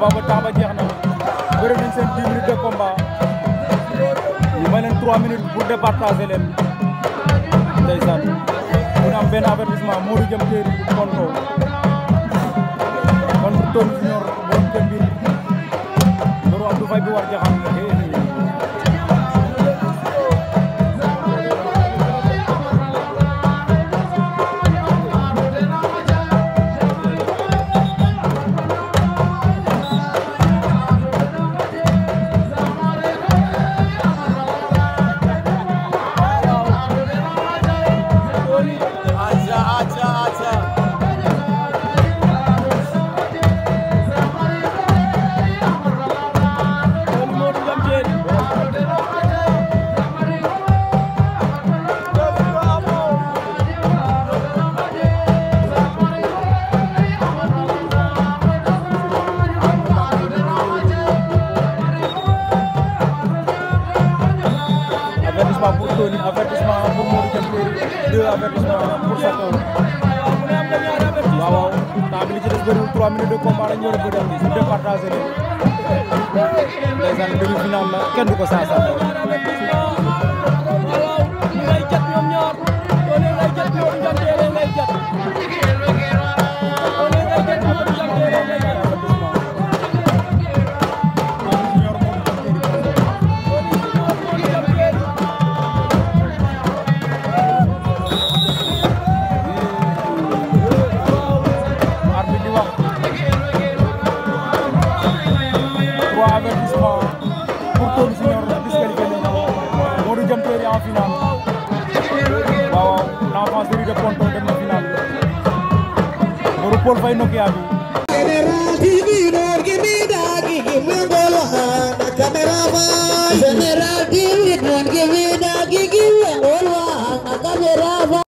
combat ba temps ba jeex na bëri nañ seen dix minutes de combat ñu may leen trois minutes pour départager leen ndeysaan mun am benn avertissement Modou Jam Téeri Konko contre Tony Junior borom Jambir loolu Abdou Faye bi war jaxam avertissement pour Tony avertissement pour Modou Diam Terry deux avertissement pour Sokh waaw waaw temps bi li ci des bëriwul trois minutes de combat la ñu war a bëri ñu départagé leen ndeysaan demi-finale la kenn du ko saa saa ay jat ñoom ñaar doole ay jat ñoom ñaar na final waaw l'enfance de Rue de Ponto dem na final mbëru Paul Faye Nokia bi General TV